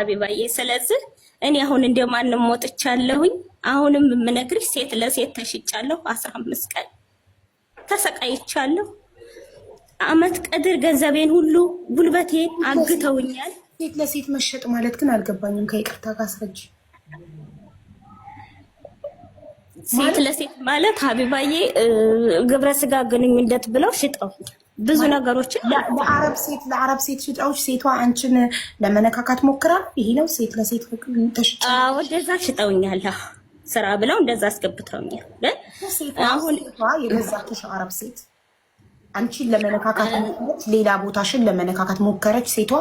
ሀቢባዬ። ስለዚህ እኔ አሁን እንደ ማንም ሞጥቻለሁኝ። አሁንም የምነግርሽ ሴት ለሴት ተሽጫለሁ። አስራ አምስት ቀን ተሰቃይቻለሁ። አመት ቀድር ገንዘቤን ሁሉ ጉልበቴን አግተውኛል። ሴት ለሴት መሸጥ ማለት ግን አልገባኝም። ከይቅርታ ጋር አስረጅ። ሴት ለሴት ማለት ሀቢባዬ ግብረ ስጋ ግንኙነት ብለው ሽጠውኛል። ብዙ ነገሮችን ለአረብ ሴት ለአረብ ሴት ሽጫዎች ሴቷ አንቺን ለመነካካት ሞክራ ይሄ ነው ሴት ለሴት ተሽጫ ወደዛ ሽጠውኛል። ስራ ብለው እንደዛ አስገብተውኛል። አሁን የገዛችሽ አረብ ሴት አንቺን ለመነካካት ሞክረች፣ ሌላ ቦታሽን ለመነካካት ሞከረች ሴቷ።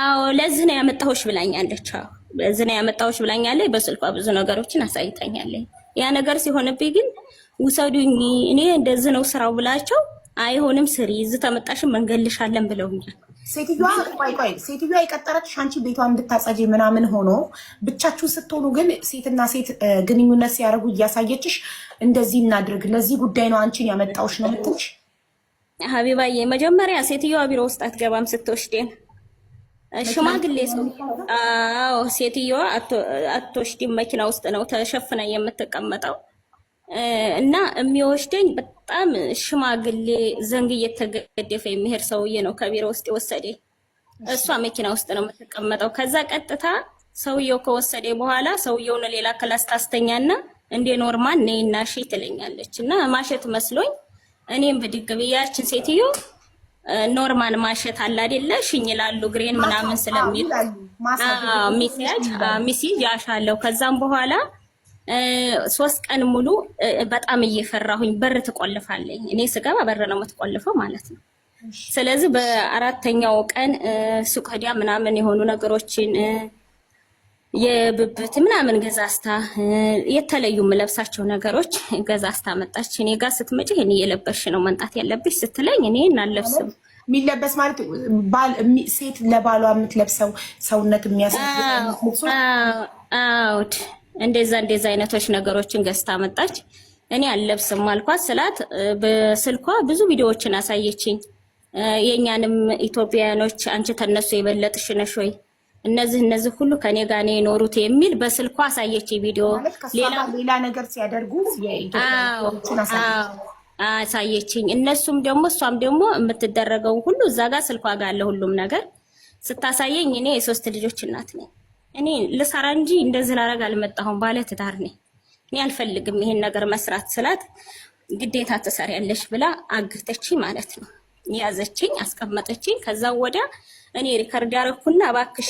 አዎ ለዚህ ነው ያመጣሁሽ ብላኛለች። ለዚህ ነው ያመጣሁሽ ብላኛለች። በስልኳ ብዙ ነገሮችን አሳይታኛለች። ያ ነገር ሲሆንብኝ ግን ውሰዱኝ፣ እኔ እንደዚህ ነው ስራው ብላቸው አይሆንም ስሪ፣ እዚህ ተመጣሽ መንገልሻለን ብለውኛል። ሴትዮዋ ቆይ ቆይ ሴትዮዋ የቀጠረችሽ አንቺ ቤቷን እንድታጸጂ ምናምን ሆኖ ብቻችሁ ስትሆኑ ግን ሴትና ሴት ግንኙነት ሲያደርጉ እያሳየችሽ እንደዚህ እናድርግ፣ ለዚህ ጉዳይ ነው አንቺን ያመጣውሽ ነው የምትልሽ። ሀቢባዬ መጀመሪያ ሴትዮዋ ቢሮ ውስጥ አትገባም ስትወሽዴን ሽማግሌ ሰው ሴትዮዋ አትወሽዲም መኪና ውስጥ ነው ተሸፍና የምትቀመጠው። እና የሚወስደኝ በጣም ሽማግሌ ዘንግ እየተገደፈ የሚሄድ ሰውዬ ነው ከቢሮ ውስጥ የወሰደኝ። እሷ መኪና ውስጥ ነው የምትቀመጠው። ከዛ ቀጥታ ሰውየው ከወሰደ በኋላ ሰውየውን ሌላ ክላስ ታስተኛና እንደ ኖርማል ነይና እሺ ትለኛለች። እና ማሸት መስሎኝ እኔም ብድግ ብዬ ሴትዮ ኖርማል ማሸት አለ አይደለ ሽኝ ግሬን ምናምን ስለሚል ሚሴጅ ያሻለው ከዛም በኋላ ሶስት ቀን ሙሉ በጣም እየፈራሁኝ በር ትቆልፋለኝ። እኔ ስገባ በር ነው የምትቆልፈው ማለት ነው። ስለዚህ በአራተኛው ቀን ሱቅ ሄዳ ምናምን የሆኑ ነገሮችን የብብት ምናምን ገዛስታ የተለዩ የምለብሳቸው ነገሮች ገዛስታ መጣች። እኔ ጋር ስትመጪ ይሄን እየለበስሽ ነው መምጣት ያለብሽ ስትለኝ እኔ አልለብስም። የሚለበስ ማለት ሴት ለባሏ የምትለብሰው ሰውነት የሚያሳ የሚያስ እንደዛ እንደዛ አይነቶች ነገሮችን ገዝታ መጣች። እኔ አልለብስም አልኳት ስላት በስልኳ ብዙ ቪዲዮዎችን አሳየችኝ። የእኛንም ኢትዮጵያውያኖች አንቺ ተነሱ የበለጥሽ ነሽ ወይ እነዚህ እነዚህ ሁሉ ከኔ ጋር ነው የኖሩት የሚል በስልኳ አሳየች ቪዲዮ። ሌላ ነገር ሲያደርጉ አሳየችኝ። እነሱም ደግሞ እሷም ደግሞ የምትደረገውን ሁሉ እዛ ጋር ስልኳ ጋር አለ ሁሉም ነገር ስታሳየኝ። እኔ የሶስት ልጆች እናት ነኝ። እኔ ልሰራ እንጂ እንደዚህ ላረግ አልመጣሁም። ባለ ትዳር ነኝ እኔ አልፈልግም ይሄን ነገር መስራት ስላት ግዴታ ትሰሪያለሽ ብላ አግተች ማለት ነው። ያዘችኝ፣ አስቀመጠችኝ። ከዛ ወዲያ እኔ ሪከርድ ያረኩና እባክሽ